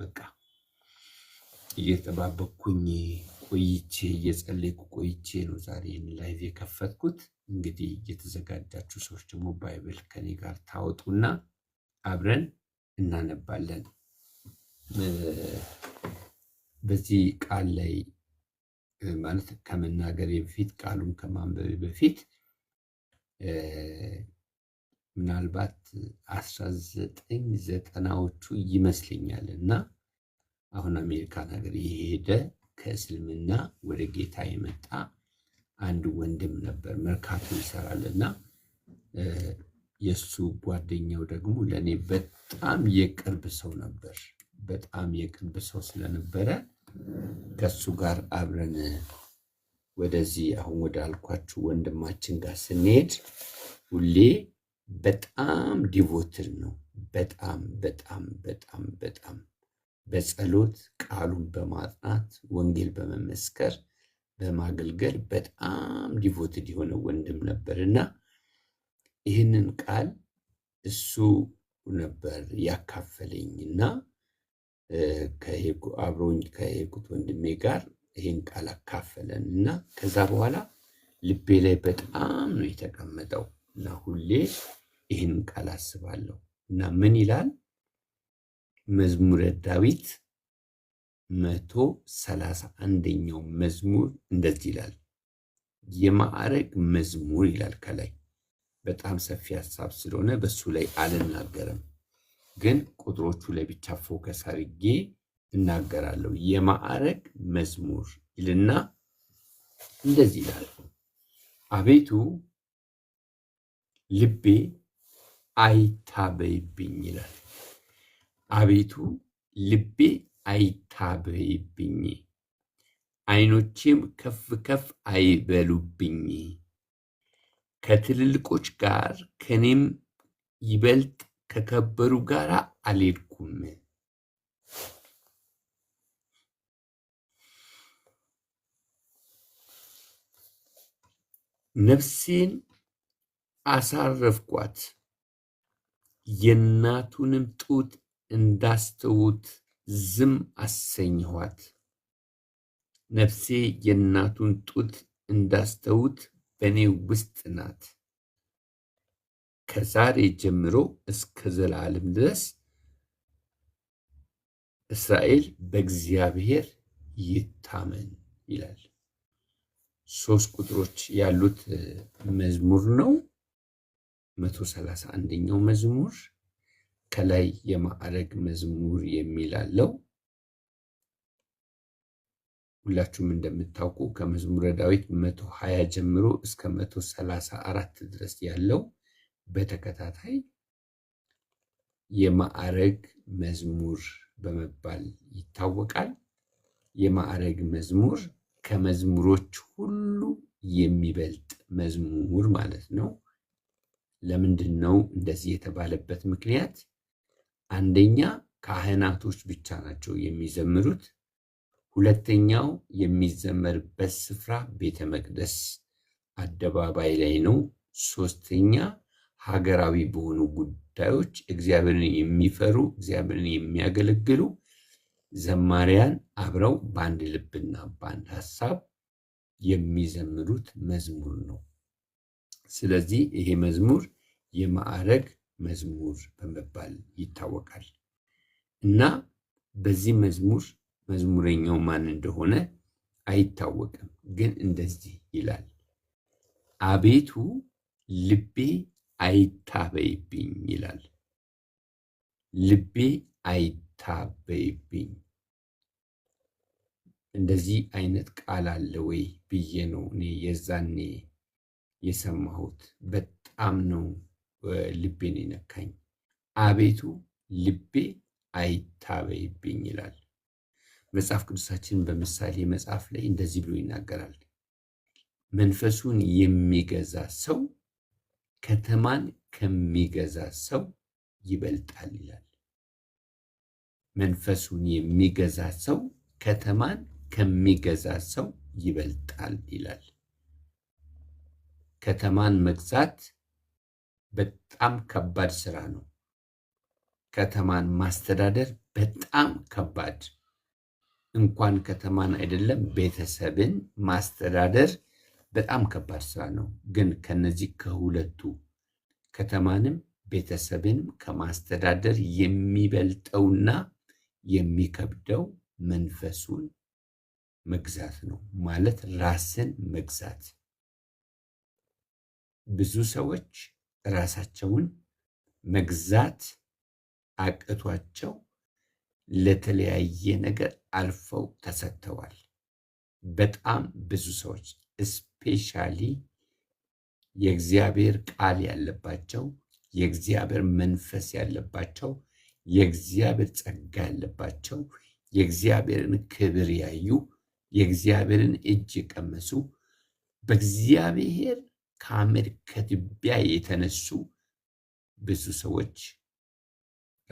በቃ እየተጠባበቅኩኝ ቆይቼ እየጸለይኩ ቆይቼ ነው ዛሬ ላይቭ የከፈትኩት። እንግዲህ እየተዘጋጃችሁ ሰዎች ደግሞ ባይብል ከኔ ጋር ታወጡና አብረን እናነባለን። በዚህ ቃል ላይ ማለት ከመናገር በፊት ቃሉን ከማንበብ በፊት ምናልባት አስራ ዘጠኝ ዘጠናዎቹ ይመስለኛል እና አሁን አሜሪካን ሀገር የሄደ ከእስልምና ወደ ጌታ የመጣ አንድ ወንድም ነበር። መርካቶ ይሰራል እና የእሱ ጓደኛው ደግሞ ለእኔ በጣም የቅርብ ሰው ነበር። በጣም የቅርብ ሰው ስለነበረ ከእሱ ጋር አብረን ወደዚህ አሁን ወደ አልኳችሁ ወንድማችን ጋር ስንሄድ ሁሌ በጣም ዲቮትድ ነው። በጣም በጣም በጣም በጣም በጸሎት ቃሉን በማጥናት ወንጌል በመመስከር በማገልገል በጣም ዲቮትድ የሆነ ወንድም ነበር እና ይህንን ቃል እሱ ነበር ያካፈለኝ እና አብሮኝ ከሄጉት ወንድሜ ጋር ይህን ቃል አካፈለን እና ከዛ በኋላ ልቤ ላይ በጣም ነው የተቀመጠው እና ሁሌ ይህንን ቃል አስባለሁ እና ምን ይላል መዝሙረ ዳዊት መቶ ሰላሳ አንደኛው መዝሙር እንደዚህ ይላል። የማዕረግ መዝሙር ይላል ከላይ በጣም ሰፊ ሀሳብ ስለሆነ በሱ ላይ አልናገርም፣ ግን ቁጥሮቹ ላይ ብቻ ፎከስ አድርጌ እናገራለሁ። የማዕረግ መዝሙር ይልና እንደዚህ ይላል አቤቱ ልቤ አይታበይብኝ ይላል። አቤቱ ልቤ አይታበይብኝ፣ አይኖቼም ከፍ ከፍ አይበሉብኝ። ከትልልቆች ጋር ከኔም ይበልጥ ከከበሩ ጋር አልሄድኩም። ነፍሴን አሳረፍኳት የእናቱንም ጡት እንዳስተውት ዝም አሰኝኋት። ነፍሴ የእናቱን ጡት እንዳስተውት በእኔ ውስጥ ናት። ከዛሬ ጀምሮ እስከ ዘላለም ድረስ እስራኤል በእግዚአብሔር ይታመን ይላል። ሶስት ቁጥሮች ያሉት መዝሙር ነው። መቶ ሰላሳ አንደኛው መዝሙር ከላይ የማዕረግ መዝሙር የሚል አለው። ሁላችሁም እንደምታውቁ ከመዝሙረ ዳዊት መቶ ሀያ ጀምሮ እስከ መቶ ሰላሳ አራት ድረስ ያለው በተከታታይ የማዕረግ መዝሙር በመባል ይታወቃል። የማዕረግ መዝሙር ከመዝሙሮች ሁሉ የሚበልጥ መዝሙር ማለት ነው። ለምንድን ነው እንደዚህ የተባለበት ምክንያት? አንደኛ ካህናቶች ብቻ ናቸው የሚዘምሩት። ሁለተኛው የሚዘመርበት ስፍራ ቤተ መቅደስ አደባባይ ላይ ነው። ሶስተኛ ሀገራዊ በሆኑ ጉዳዮች እግዚአብሔርን የሚፈሩ እግዚአብሔርን የሚያገለግሉ ዘማሪያን አብረው በአንድ ልብና በአንድ ሀሳብ የሚዘምሩት መዝሙር ነው። ስለዚህ ይሄ መዝሙር የማዕረግ መዝሙር በመባል ይታወቃል እና በዚህ መዝሙር መዝሙረኛው ማን እንደሆነ አይታወቅም። ግን እንደዚህ ይላል፣ አቤቱ ልቤ አይታበይብኝ ይላል። ልቤ አይታበይብኝ። እንደዚህ አይነት ቃል አለ ወይ ብዬ ነው እኔ የዛኔ የሰማሁት። በጣም ነው ልቤን የነካኝ። አቤቱ ልቤ አይታበይብኝ ይላል መጽሐፍ ቅዱሳችን። በምሳሌ መጽሐፍ ላይ እንደዚህ ብሎ ይናገራል። መንፈሱን የሚገዛ ሰው ከተማን ከሚገዛ ሰው ይበልጣል ይላል። መንፈሱን የሚገዛ ሰው ከተማን ከሚገዛ ሰው ይበልጣል ይላል። ከተማን መግዛት በጣም ከባድ ስራ ነው። ከተማን ማስተዳደር በጣም ከባድ እንኳን ከተማን አይደለም ቤተሰብን ማስተዳደር በጣም ከባድ ስራ ነው። ግን ከነዚህ ከሁለቱ ከተማንም ቤተሰብንም ከማስተዳደር የሚበልጠውና የሚከብደው መንፈሱን መግዛት ነው ማለት ራስን መግዛት ብዙ ሰዎች ራሳቸውን መግዛት አቅቷቸው ለተለያየ ነገር አልፈው ተሰጥተዋል። በጣም ብዙ ሰዎች እስፔሻሊ የእግዚአብሔር ቃል ያለባቸው፣ የእግዚአብሔር መንፈስ ያለባቸው፣ የእግዚአብሔር ጸጋ ያለባቸው፣ የእግዚአብሔርን ክብር ያዩ፣ የእግዚአብሔርን እጅ የቀመሱ በእግዚአብሔር ከአመድ ከትቢያ የተነሱ ብዙ ሰዎች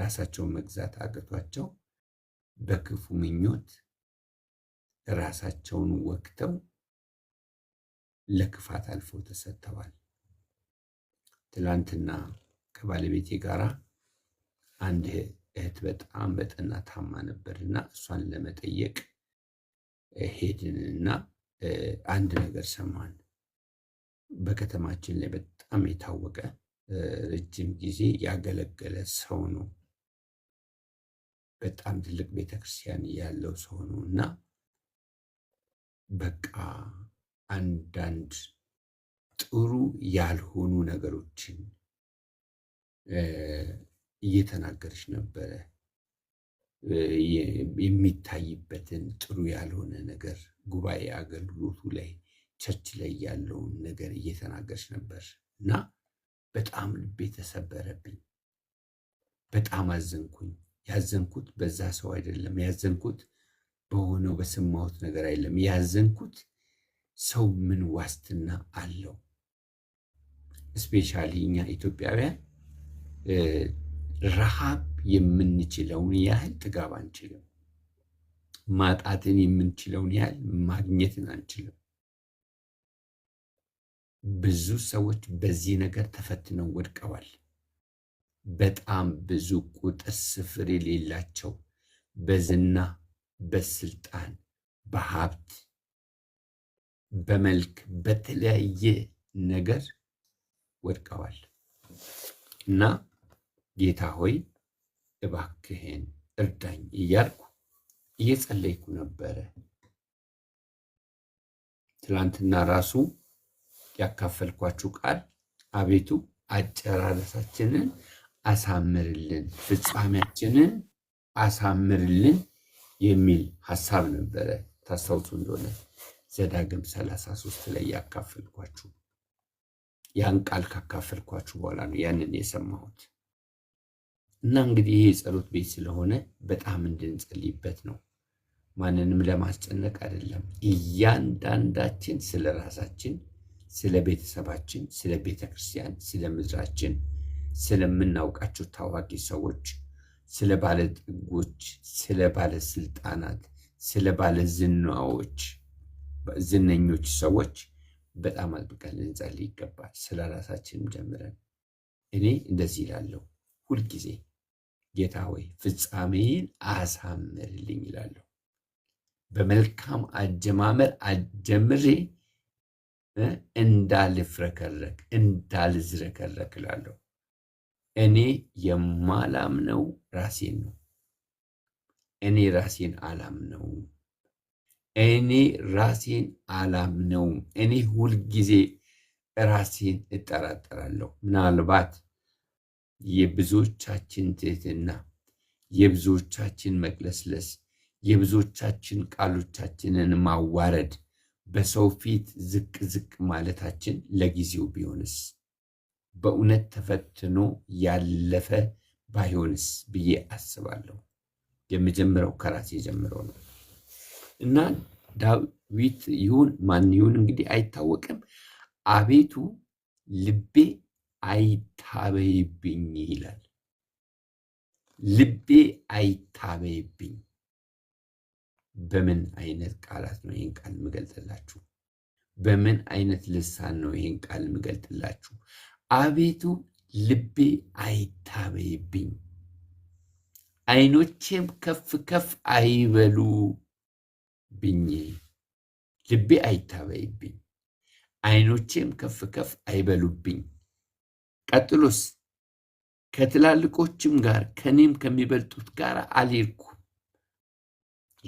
ራሳቸውን መግዛት አቅቷቸው በክፉ ምኞት ራሳቸውን ወግተው ለክፋት አልፈው ተሰጥተዋል። ትላንትና ከባለቤቴ ጋር አንድ እህት በጣም በጠና ታማ ነበርና እሷን ለመጠየቅ ሄድንና አንድ ነገር ሰማን። በከተማችን ላይ በጣም የታወቀ ረጅም ጊዜ ያገለገለ ሰው ነው። በጣም ትልቅ ቤተክርስቲያን ያለው ሰው ነው እና በቃ አንዳንድ ጥሩ ያልሆኑ ነገሮችን እየተናገረች ነበረ። የሚታይበትን ጥሩ ያልሆነ ነገር ጉባኤ አገልግሎቱ ላይ ቸርች ላይ ያለውን ነገር እየተናገርሽ ነበር እና በጣም ልቤ ተሰበረብኝ። በጣም አዘንኩኝ። ያዘንኩት በዛ ሰው አይደለም። ያዘንኩት በሆነው በሰማሁት ነገር አይደለም። ያዘንኩት ሰው ምን ዋስትና አለው? እስፔሻሊ እኛ ኢትዮጵያውያን ረሃብ የምንችለውን ያህል ጥጋብ አንችልም። ማጣትን የምንችለውን ያህል ማግኘትን አንችልም። ብዙ ሰዎች በዚህ ነገር ተፈትነው ወድቀዋል። በጣም ብዙ ቁጥር ስፍር የሌላቸው በዝና፣ በስልጣን፣ በሀብት፣ በመልክ፣ በተለያየ ነገር ወድቀዋል እና ጌታ ሆይ እባክህን እርዳኝ እያልኩ እየጸለይኩ ነበረ። ትላንትና ራሱ ያካፈልኳችሁ ቃል አቤቱ አጨራረሳችንን አሳምርልን፣ ፍጻሜያችንን አሳምርልን የሚል ሀሳብ ነበረ። ታስታውሱ እንደሆነ ዘዳግም 33 ላይ ያካፈልኳችሁ ያን ቃል ካካፈልኳችሁ በኋላ ነው ያንን የሰማሁት። እና እንግዲህ ይሄ የጸሎት ቤት ስለሆነ በጣም እንድንጸልይበት ነው። ማንንም ለማስጨነቅ አይደለም። እያንዳንዳችን ስለ ራሳችን ስለ ቤተሰባችን፣ ስለ ቤተ ክርስቲያን፣ ስለ ምድራችን፣ ስለምናውቃቸው ታዋቂ ሰዎች፣ ስለ ባለጠጎች፣ ስለ ባለስልጣናት፣ ስለ ባለዝናዎች ዝነኞች ሰዎች በጣም አጥብቀን ልንጸልይ ይገባል። ስለ ራሳችንም ጀምረን እኔ እንደዚህ ይላለሁ ሁልጊዜ ጌታ ወይ ፍጻሜን አሳምርልኝ ይላለሁ። በመልካም አጀማመር አጀምሬ እንዳልፍረከረክ እንዳልዝረከረክ እላለሁ። እኔ የማላምነው ራሴን ነው። እኔ ራሴን አላምነውም። እኔ ራሴን አላምነውም። እኔ ሁልጊዜ ራሴን እጠራጠራለሁ። ምናልባት የብዙዎቻችን ትህትና፣ የብዙዎቻችን መቅለስለስ፣ የብዙዎቻችን ቃሎቻችንን ማዋረድ በሰው ፊት ዝቅ ዝቅ ማለታችን ለጊዜው ቢሆንስ በእውነት ተፈትኖ ያለፈ ባይሆንስ ብዬ አስባለሁ። የመጀመሪያው ከራሴ ጀምረው ነው እና ዳዊት ይሁን ማን ይሁን እንግዲህ አይታወቅም። አቤቱ ልቤ አይታበይብኝ ይላል። ልቤ አይታበይብኝ በምን አይነት ቃላት ነው ይህን ቃል የምገልጥላችሁ? በምን አይነት ልሳን ነው ይህን ቃል የምገልጥላችሁ? አቤቱ ልቤ አይታበይብኝ፣ አይኖቼም ከፍ ከፍ አይበሉ ብኝ። ልቤ አይታበይብኝ፣ አይኖቼም ከፍ ከፍ አይበሉብኝ። ቀጥሎስ ከትላልቆችም ጋር ከኔም ከሚበልጡት ጋር አልሄድኩ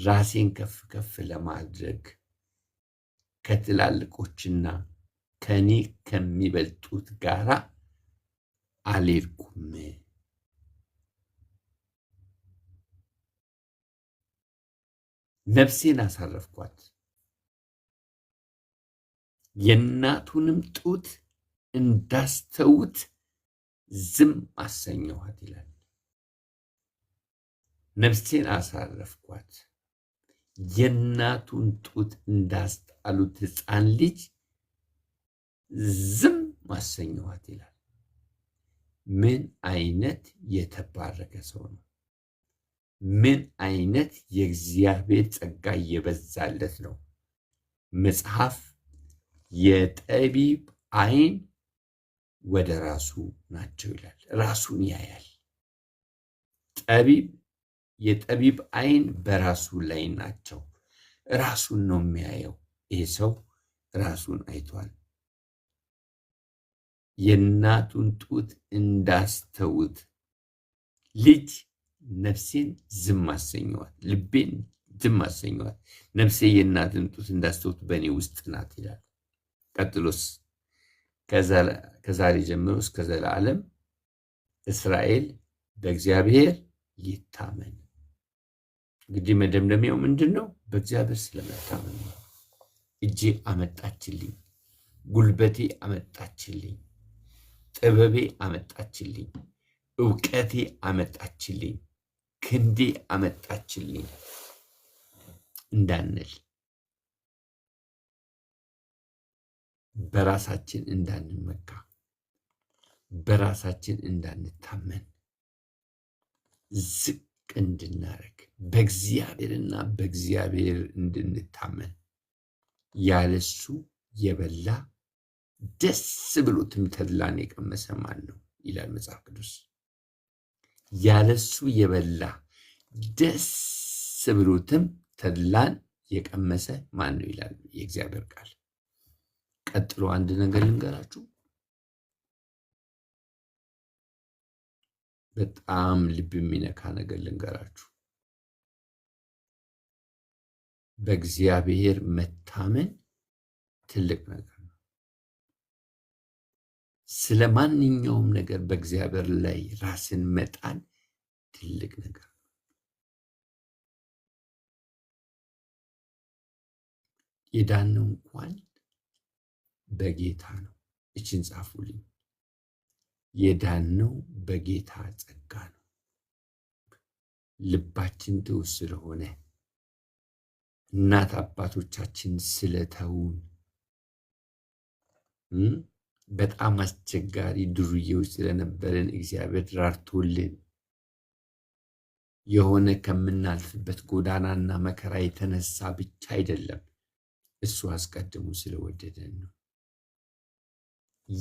ራሴን ከፍ ከፍ ለማድረግ ከትላልቆችና ከእኔ ከሚበልጡት ጋራ አልሄድኩም። ነፍሴን አሳረፍኳት። የእናቱንም ጡት እንዳስተውት ዝም አሰኘኋት ይላል። ነፍሴን አሳረፍኳት። የእናቱን ጡት እንዳስጣሉት ሕፃን ልጅ ዝም ማሰኘዋት ይላል። ምን አይነት የተባረከ ሰው ነው! ምን አይነት የእግዚአብሔር ጸጋ እየበዛለት ነው! መጽሐፍ የጠቢብ አይን ወደ ራሱ ናቸው ይላል። ራሱን ያያል ጠቢብ የጠቢብ አይን በራሱ ላይ ናቸው። ራሱን ነው የሚያየው። ይህ ሰው ራሱን አይቷል። የእናቱን ጡት እንዳስተውት ልጅ ነፍሴን ዝም አሰኘዋት፣ ልቤን ዝም አሰኘዋት። ነፍሴ የእናትን ጡት እንዳስተውት በእኔ ውስጥ ናት ይላል። ቀጥሎስ ከዛሬ ጀምሮ እስከ ዘላለም እስራኤል በእግዚአብሔር ይታመን። እንግዲህ መደምደሚያው ምንድን ነው? በእግዚአብሔር ስለመታመን ነው። እጄ አመጣችልኝ፣ ጉልበቴ አመጣችልኝ፣ ጥበቤ አመጣችልኝ፣ እውቀቴ አመጣችልኝ፣ ክንዴ አመጣችልኝ እንዳንል በራሳችን እንዳንመካ በራሳችን እንዳንታመን ዝቅ እንድናደርግ በእግዚአብሔርና በእግዚአብሔር እንድንታመን ያለሱ የበላ ደስ ብሎትም ተድላን የቀመሰ ማን ነው ይላል መጽሐፍ ቅዱስ። ያለሱ የበላ ደስ ብሎትም ተድላን የቀመሰ ማን ነው ይላል የእግዚአብሔር ቃል። ቀጥሎ አንድ ነገር ልንገራችሁ። በጣም ልብ የሚነካ ነገር ልንገራችሁ። በእግዚአብሔር መታመን ትልቅ ነገር ነው። ስለ ማንኛውም ነገር በእግዚአብሔር ላይ ራስን መጣል ትልቅ ነገር ነው። የዳነው እንኳን በጌታ ነው። እችን ጻፉልኝ። የዳነው በጌታ ጸጋ ነው። ልባችን ትሑት ስለሆነ እናት አባቶቻችን ስለተውን በጣም አስቸጋሪ ዱርዬዎች ስለነበረን እግዚአብሔር ራርቶልን የሆነ ከምናልፍበት ጎዳናና መከራ የተነሳ ብቻ አይደለም፣ እሱ አስቀድሞ ስለወደደን ነው።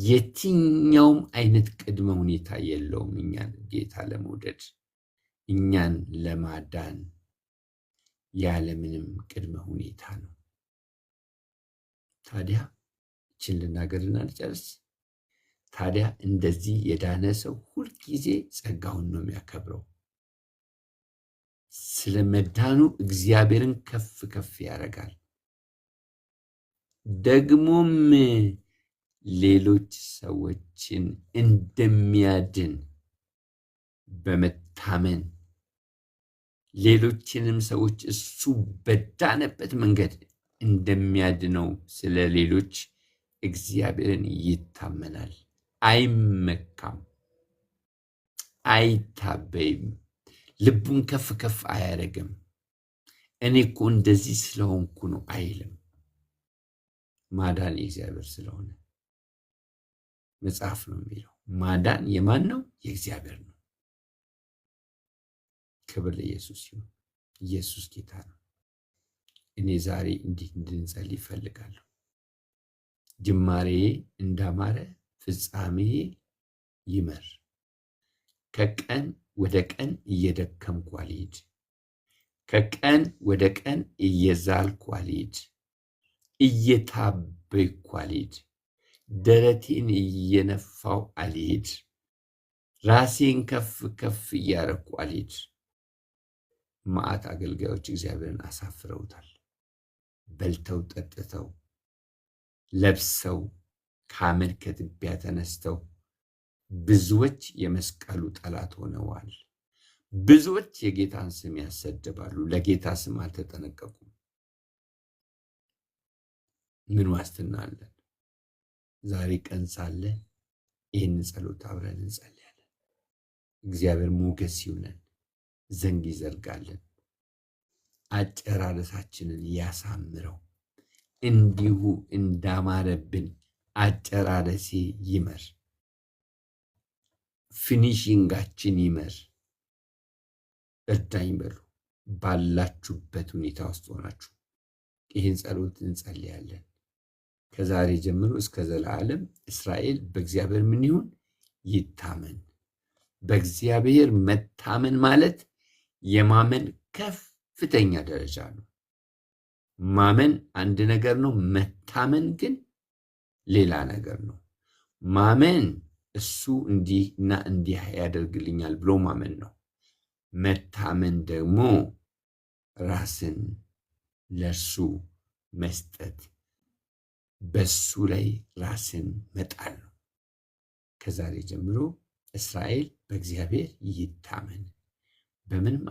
የትኛውም አይነት ቅድመ ሁኔታ የለውም። እኛን ጌታ ለመውደድ እኛን ለማዳን ያለምንም ቅድመ ሁኔታ ነው። ታዲያ ይችን ልናገርና ልጨርስ። ታዲያ እንደዚህ የዳነ ሰው ሁልጊዜ ጸጋውን ነው የሚያከብረው። ስለ መዳኑ እግዚአብሔርን ከፍ ከፍ ያደርጋል ደግሞም ሌሎች ሰዎችን እንደሚያድን በመታመን ሌሎችንም ሰዎች እሱ በዳነበት መንገድ እንደሚያድነው ስለ ሌሎች እግዚአብሔርን ይታመናል። አይመካም፣ አይታበይም፣ ልቡን ከፍ ከፍ አያደርግም። እኔ እኮ እንደዚህ ስለሆንኩ ነው አይልም። ማዳን የእግዚአብሔር ስለሆነ መጽሐፍ ነው የሚለው። ማዳን የማን ነው? የእግዚአብሔር ነው። ክብር ለኢየሱስ ይሁን። ኢየሱስ ጌታ ነው። እኔ ዛሬ እንዲህ እንድንጸልይ ይፈልጋለሁ። ጅማሬ እንዳማረ ፍጻሜ ይመር። ከቀን ወደ ቀን እየደከምኩ አልሄድ። ከቀን ወደ ቀን እየዛልኩ አልሄድ። እየታበይኩ አልሄድ ደረቴን እየነፋው አልሄድ፣ ራሴን ከፍ ከፍ እያረኩ አልሄድ። መዓት አገልጋዮች እግዚአብሔርን አሳፍረውታል። በልተው ጠጥተው ለብሰው ከአመድ ከትቢያ ተነስተው ብዙዎች የመስቀሉ ጠላት ሆነዋል። ብዙዎች የጌታን ስም ያሰድባሉ። ለጌታ ስም አልተጠነቀቁም። ምን ዋስትና አለን? ዛሬ ቀን ሳለ ይህን ጸሎት አብረን እንጸልያለን። እግዚአብሔር ሞገስ ይሁነን፣ ዘንግ ይዘርጋለን፣ አጨራረሳችንን ያሳምረው። እንዲሁ እንዳማረብን አጨራረሴ ይመር፣ ፊኒሽንጋችን ይመር። እርዳኝ በሉ። ባላችሁበት ሁኔታ ውስጥ ሆናችሁ ይህን ጸሎት እንጸልያለን። ከዛሬ ጀምሮ እስከ ዘላለም እስራኤል በእግዚአብሔር ምን ይሁን ይታመን። በእግዚአብሔር መታመን ማለት የማመን ከፍተኛ ደረጃ ነው። ማመን አንድ ነገር ነው፣ መታመን ግን ሌላ ነገር ነው። ማመን እሱ እንዲህ እና እንዲህ ያደርግልኛል ብሎ ማመን ነው። መታመን ደግሞ ራስን ለእርሱ መስጠት በሱ ላይ ራስን መጣል ነው። ከዛሬ ጀምሮ እስራኤል በእግዚአብሔር ይታመን። በምንም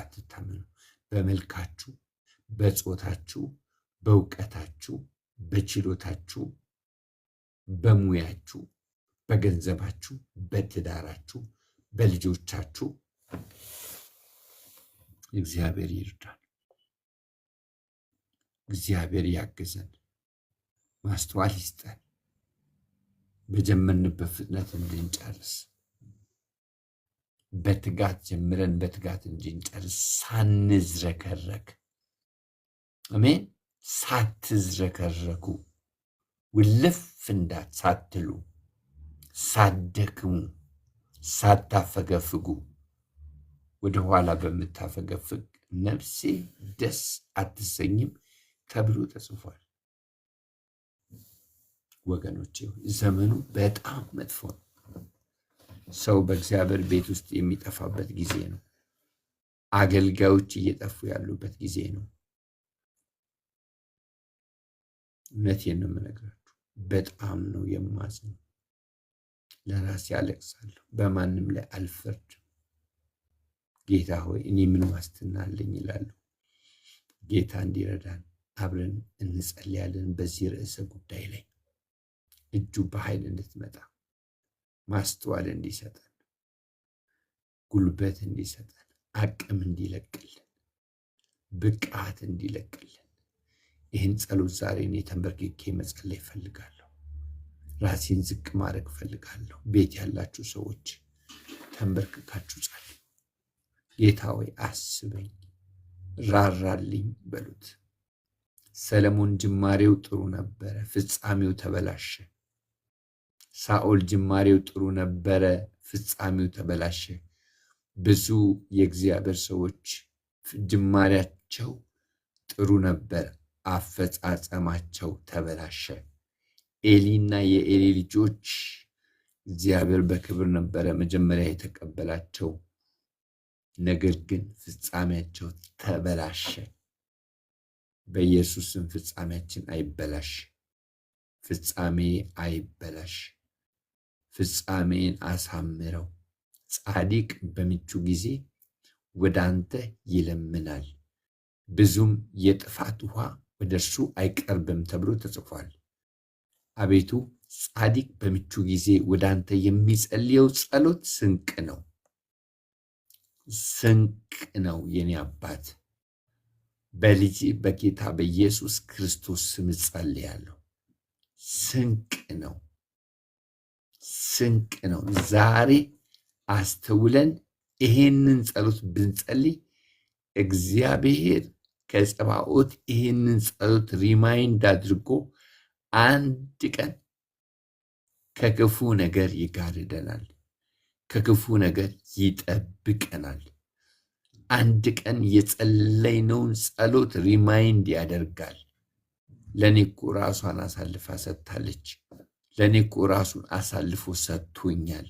አትታመኑ። በመልካችሁ፣ በጾታችሁ፣ በእውቀታችሁ፣ በችሎታችሁ፣ በሙያችሁ፣ በገንዘባችሁ፣ በትዳራችሁ፣ በልጆቻችሁ እግዚአብሔር ይርዳል። እግዚአብሔር ያግዘን። ማስተዋል ይስጠን፣ በጀመርንበት ፍጥነት እንድንጨርስ በትጋት ጀምረን በትጋት እንድንጨርስ ሳንዝረከረክ፣ አሜን። ሳትዝረከረኩ ውልፍ እንዳት ሳትሉ፣ ሳደክሙ ሳታፈገፍጉ ወደኋላ በምታፈገፍግ ነፍሴ ደስ አትሰኝም ተብሎ ተጽፏል። ወገኖች ዘመኑ በጣም መጥፎ ነው። ሰው በእግዚአብሔር ቤት ውስጥ የሚጠፋበት ጊዜ ነው። አገልጋዮች እየጠፉ ያሉበት ጊዜ ነው። እውነቴን ነው የምነግራችሁ። በጣም ነው የማዝነው። ለራሴ አለቅሳለሁ። በማንም ላይ አልፈርድም። ጌታ ሆይ እኔ ምን ዋስትና አለኝ ይላለሁ። ጌታ እንዲረዳን አብረን እንጸልያለን በዚህ ርዕሰ ጉዳይ ላይ እጁ በኃይል እንድትመጣ ማስተዋል እንዲሰጠን፣ ጉልበት እንዲሰጠን፣ አቅም እንዲለቅልን፣ ብቃት እንዲለቅልን ይህን ጸሎት ዛሬ እኔ ተንበርክኬ መጸለይ እፈልጋለሁ። ራሴን ዝቅ ማድረግ እፈልጋለሁ። ቤት ያላችሁ ሰዎች ተንበርክካችሁ ጸልዩ። ጌታ ወይ አስበኝ፣ ራራልኝ በሉት። ሰለሞን ጅማሬው ጥሩ ነበረ፣ ፍጻሜው ተበላሸ። ሳኦል ጅማሬው ጥሩ ነበረ፣ ፍጻሜው ተበላሸ። ብዙ የእግዚአብሔር ሰዎች ጅማሬያቸው ጥሩ ነበር፣ አፈጻጸማቸው ተበላሸ። ኤሊና የኤሊ ልጆች እግዚአብሔር በክብር ነበረ መጀመሪያ የተቀበላቸው፣ ነገር ግን ፍጻሜያቸው ተበላሸ። በኢየሱስም ፍጻሜያችን አይበላሽ፣ ፍጻሜ አይበላሽ። ፍጻሜን አሳምረው። ጻድቅ በምቹ ጊዜ ወደ አንተ ይለምናል፣ ብዙም የጥፋት ውሃ ወደ እርሱ አይቀርብም ተብሎ ተጽፏል። አቤቱ ጻድቅ በምቹ ጊዜ ወደ አንተ የሚጸልየው ጸሎት ስንቅ ነው፣ ስንቅ ነው። የኔ አባት በልጅ በጌታ በኢየሱስ ክርስቶስ ስም ስንቅ ነው። ስንቅ ነው። ዛሬ አስተውለን ይሄንን ጸሎት ብንጸልይ እግዚአብሔር ከጸባኦት ይሄንን ጸሎት ሪማይንድ አድርጎ አንድ ቀን ከክፉ ነገር ይጋርደናል፣ ከክፉ ነገር ይጠብቀናል። አንድ ቀን የጸለይነውን ጸሎት ሪማይንድ ያደርጋል። ለእኔ እኮ ራሷን አሳልፋ ሰጥታለች። ለእኔ እኮ ራሱን አሳልፎ ሰጥቶኛል።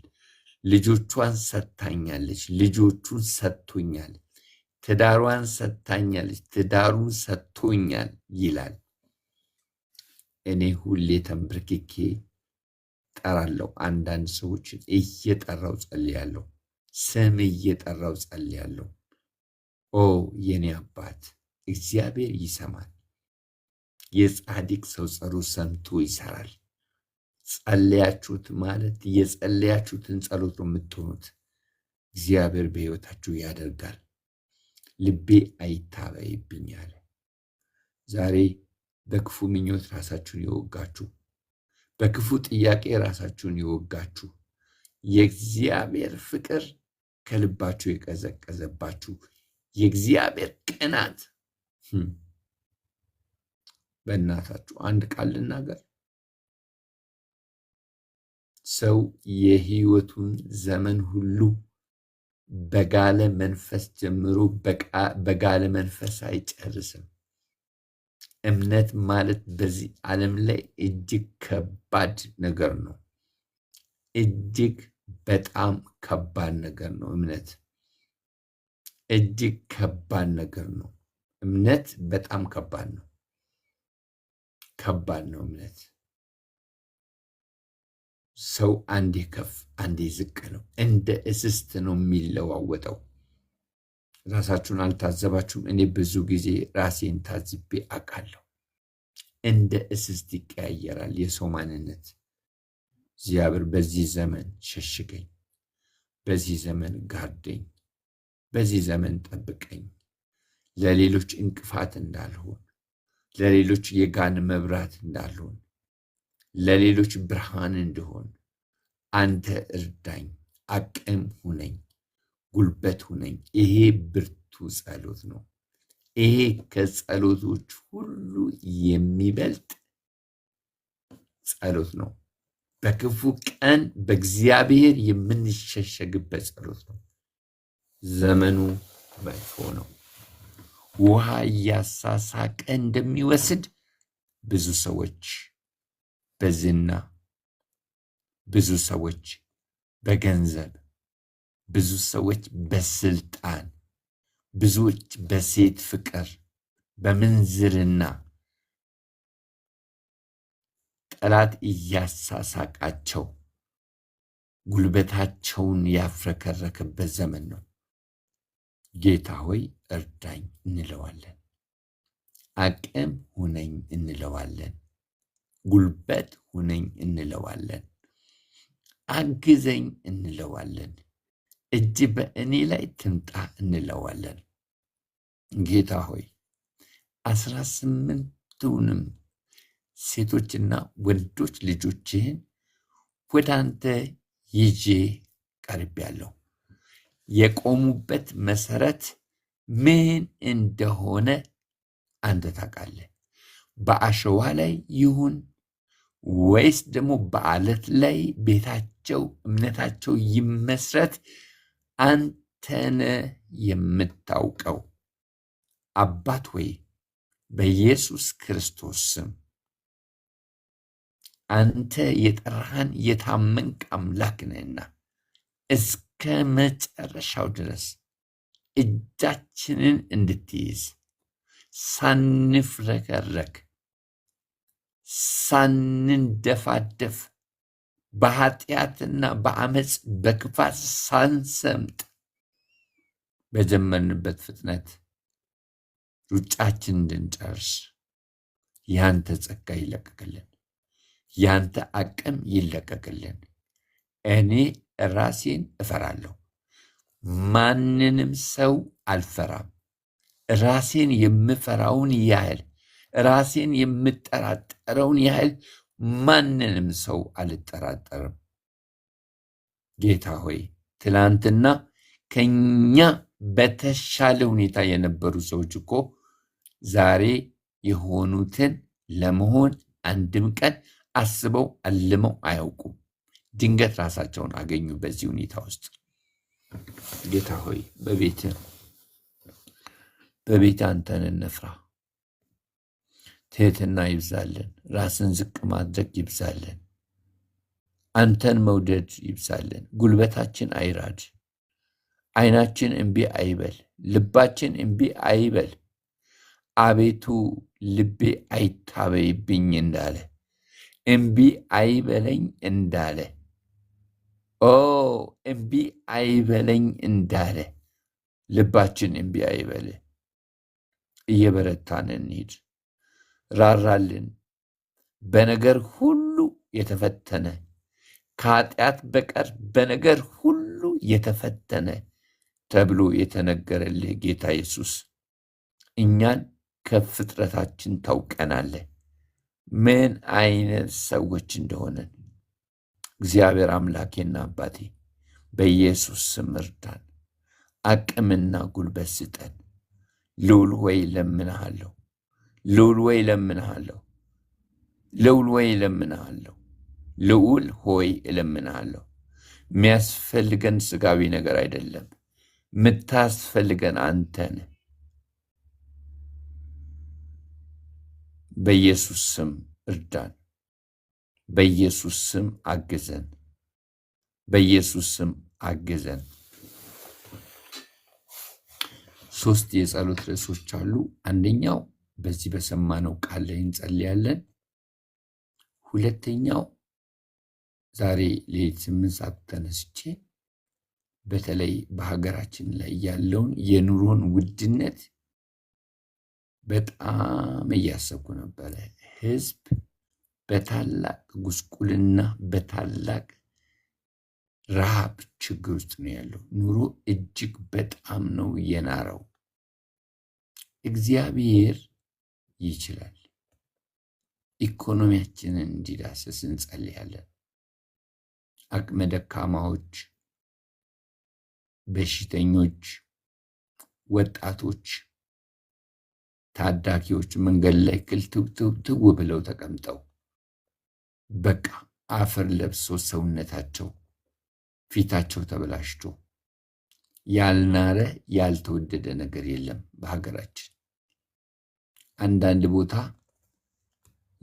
ልጆቿን ሰጥታኛለች። ልጆቹን ሰጥቶኛል። ትዳሯን ሰጥታኛለች። ትዳሩን ሰጥቶኛል ይላል። እኔ ሁሌ ተንበርክኬ ጠራለሁ። አንዳንድ ሰዎችን እየጠራው ጸልያለሁ። ስም እየጠራው ጸልያለሁ። ኦ የኔ አባት እግዚአብሔር ይሰማል። የጻድቅ ሰው ጸሎት ሰምቶ ይሰራል። ጸለያችሁት ማለት የጸለያችሁትን ጸሎት ነው የምትሆኑት። እግዚአብሔር በሕይወታችሁ ያደርጋል። ልቤ አይታበይብኛል። ዛሬ በክፉ ምኞት ራሳችሁን የወጋችሁ፣ በክፉ ጥያቄ ራሳችሁን የወጋችሁ፣ የእግዚአብሔር ፍቅር ከልባችሁ የቀዘቀዘባችሁ፣ የእግዚአብሔር ቅናት በእናታችሁ አንድ ቃል ልናገር ሰው የህይወቱን ዘመን ሁሉ በጋለ መንፈስ ጀምሮ በጋለ መንፈስ አይጨርስም። እምነት ማለት በዚህ ዓለም ላይ እጅግ ከባድ ነገር ነው። እጅግ በጣም ከባድ ነገር ነው። እምነት እጅግ ከባድ ነገር ነው። እምነት በጣም ከባድ ነው። ከባድ ነው እምነት ሰው አንዴ ከፍ አንዴ ዝቅ ነው፣ እንደ እስስት ነው የሚለዋወጠው። ራሳችሁን አልታዘባችሁም? እኔ ብዙ ጊዜ ራሴን ታዝቤ አውቃለሁ። እንደ እስስት ይቀያየራል የሰው ማንነት። እግዚአብሔር በዚህ ዘመን ሸሽገኝ፣ በዚህ ዘመን ጋርደኝ፣ በዚህ ዘመን ጠብቀኝ፣ ለሌሎች እንቅፋት እንዳልሆን፣ ለሌሎች የጋን መብራት እንዳልሆን ለሌሎች ብርሃን እንድሆን አንተ እርዳኝ፣ አቅም ሁነኝ፣ ጉልበት ሁነኝ። ይሄ ብርቱ ጸሎት ነው። ይሄ ከጸሎቶች ሁሉ የሚበልጥ ጸሎት ነው። በክፉ ቀን በእግዚአብሔር የምንሸሸግበት ጸሎት ነው። ዘመኑ መጥፎ ነው። ውሃ እያሳሳቀ እንደሚወስድ ብዙ ሰዎች በዝና ብዙ ሰዎች በገንዘብ ብዙ ሰዎች በስልጣን ብዙዎች በሴት ፍቅር በምንዝርና ጠላት እያሳሳቃቸው ጉልበታቸውን ያፍረከረከበት ዘመን ነው። ጌታ ሆይ እርዳኝ እንለዋለን። አቅም ሁነኝ እንለዋለን። ጉልበት ሁነኝ እንለዋለን። አግዘኝ እንለዋለን። እጅ በእኔ ላይ ትምጣ እንለዋለን። ጌታ ሆይ አስራ ስምንቱንም ሴቶችና ወንዶች ልጆችህን ወደ አንተ ይዤ ቀርቤያለሁ። የቆሙበት መሰረት ምን እንደሆነ አንተ ታውቃለህ። በአሸዋ ላይ ይሁን ወይስ ደግሞ በአለት ላይ ቤታቸው እምነታቸው ይመስረት፣ አንተነ የምታውቀው። አባት ወይ በኢየሱስ ክርስቶስ ስም አንተ የጠራህን የታመንክ አምላክ ነህና እስከ መጨረሻው ድረስ እጃችንን እንድትይዝ ሳንፍረከረክ ሳንንደፋደፍ በኃጢአትና በአመፅ በክፋት ሳንሰምጥ በጀመርንበት ፍጥነት ሩጫችን እንድንጨርስ ያንተ ጸጋ ይለቀቅልን፣ ያንተ አቅም ይለቀቅልን። እኔ ራሴን እፈራለሁ፣ ማንንም ሰው አልፈራም። ራሴን የምፈራውን ያህል ራሴን የምጠራጠረውን ያህል ማንንም ሰው አልጠራጠርም። ጌታ ሆይ ትላንትና ከኛ በተሻለ ሁኔታ የነበሩ ሰዎች እኮ ዛሬ የሆኑትን ለመሆን አንድም ቀን አስበው አልመው አያውቁም። ድንገት ራሳቸውን አገኙ በዚህ ሁኔታ ውስጥ። ጌታ ሆይ በቤት በቤት አንተን እንፍራ። ትህትና ይብዛልን። ራስን ዝቅ ማድረግ ይብዛልን። አንተን መውደድ ይብዛልን። ጉልበታችን አይራድ። ዓይናችን እምቢ አይበል። ልባችን እምቢ አይበል። አቤቱ ልቤ አይታበይብኝ እንዳለ እምቢ አይበለኝ እንዳለ ኦ እምቢ አይበለኝ እንዳለ ልባችን እምቢ አይበል። እየበረታን እንሂድ። ራራልን። በነገር ሁሉ የተፈተነ ከኃጢአት በቀር በነገር ሁሉ የተፈተነ ተብሎ የተነገረልህ ጌታ ኢየሱስ እኛን ከፍጥረታችን ታውቀናለህ፣ ምን አይነት ሰዎች እንደሆነን። እግዚአብሔር አምላኬና አባቴ በኢየሱስ ስም እርዳን፣ አቅምና ጉልበት ስጠን። ልዑል ሆይ ለምንሃለሁ። ልዑል ወይ እለምንሃለሁ፣ ልዑል ወይ እለምንሃለሁ፣ ልዑል ሆይ እለምንሃለሁ። የሚያስፈልገን ስጋዊ ነገር አይደለም። የምታስፈልገን አንተን በኢየሱስ ስም እርዳን። በኢየሱስ ስም አግዘን። በኢየሱስ ስም አግዘን። ሶስት የጸሎት ርዕሶች አሉ። አንደኛው በዚህ በሰማነው ቃል ላይ እንጸልያለን። ሁለተኛው ዛሬ ሌሊት ስምንት ሰዓት ተነስቼ በተለይ በሀገራችን ላይ ያለውን የኑሮን ውድነት በጣም እያሰብኩ ነበረ። ህዝብ በታላቅ ጉስቁልና በታላቅ ረሃብ ችግር ውስጥ ነው ያለው። ኑሮ እጅግ በጣም ነው የናረው። እግዚአብሔር ይችላል። ኢኮኖሚያችንን እንዲዳስስ እንጸልያለን። አቅመ ደካማዎች፣ በሽተኞች፣ ወጣቶች፣ ታዳጊዎች መንገድ ላይ ክልትው ብለው ተቀምጠው በቃ አፈር ለብሶ ሰውነታቸው ፊታቸው ተበላሽቶ ያልናረ ያልተወደደ ነገር የለም በሀገራችን። አንዳንድ ቦታ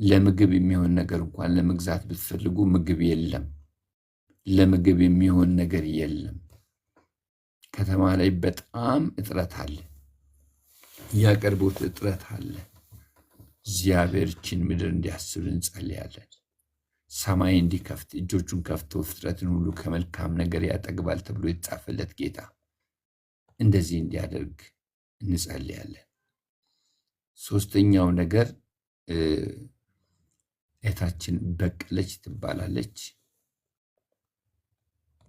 ለምግብ የሚሆን ነገር እንኳን ለመግዛት ብትፈልጉ ምግብ የለም። ለምግብ የሚሆን ነገር የለም። ከተማ ላይ በጣም እጥረት አለ፣ የአቅርቦት እጥረት አለ። እግዚአብሔር ምድር እንዲያስብ እንጸልያለን። ሰማይ እንዲከፍት እጆቹን ከፍቶ ፍጥረትን ሁሉ ከመልካም ነገር ያጠግባል ተብሎ የተጻፈለት ጌታ እንደዚህ እንዲያደርግ እንጸልያለን። ሶስተኛው ነገር እህታችን በቀለች ትባላለች።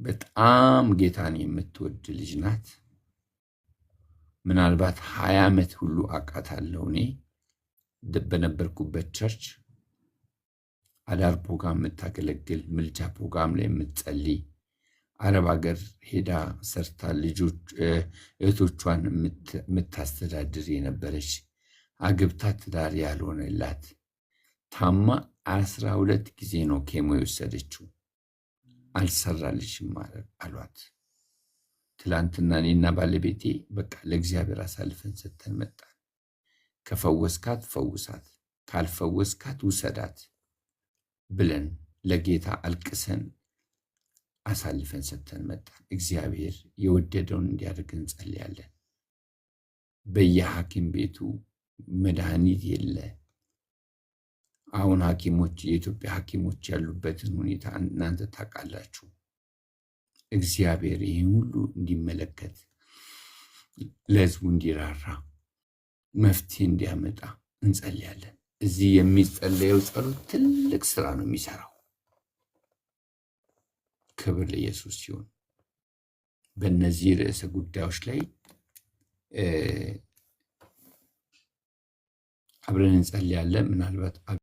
በጣም ጌታን የምትወድ ልጅ ናት። ምናልባት ሀያ ዓመት ሁሉ አውቃታለሁ። እኔ በነበርኩበት ቸርች አዳር ፕሮግራም የምታገለግል ምልጃ ፕሮግራም ላይ የምትጸልይ አረብ ሀገር ሄዳ ሰርታ ልጆች እህቶቿን የምታስተዳድር የነበረች አግብታ ትዳር ያልሆነላት ታማ አስራ ሁለት ጊዜ ነው ኬሞ የወሰደችው። አልሰራልሽም አሏት። ትላንትና እኔና ባለቤቴ በቃ ለእግዚአብሔር አሳልፈን ሰተን መጣን። ከፈወስካት ፈውሳት፣ ካልፈወስካት ውሰዳት ብለን ለጌታ አልቅሰን አሳልፈን ሰተን መጣን። እግዚአብሔር የወደደውን እንዲያደርግ እንጸልያለን። በየሐኪም ቤቱ መድኃኒት የለ። አሁን ሐኪሞች የኢትዮጵያ ሐኪሞች ያሉበትን ሁኔታ እናንተ ታውቃላችሁ። እግዚአብሔር ይህን ሁሉ እንዲመለከት ለህዝቡ እንዲራራ መፍትሄ እንዲያመጣ እንጸልያለን። እዚህ የሚጸለየው ጸሎት ትልቅ ስራ ነው የሚሰራው። ክብር ለኢየሱስ ሲሆን በእነዚህ ርዕሰ ጉዳዮች ላይ አብረን እንጸልያለን። ምናልባት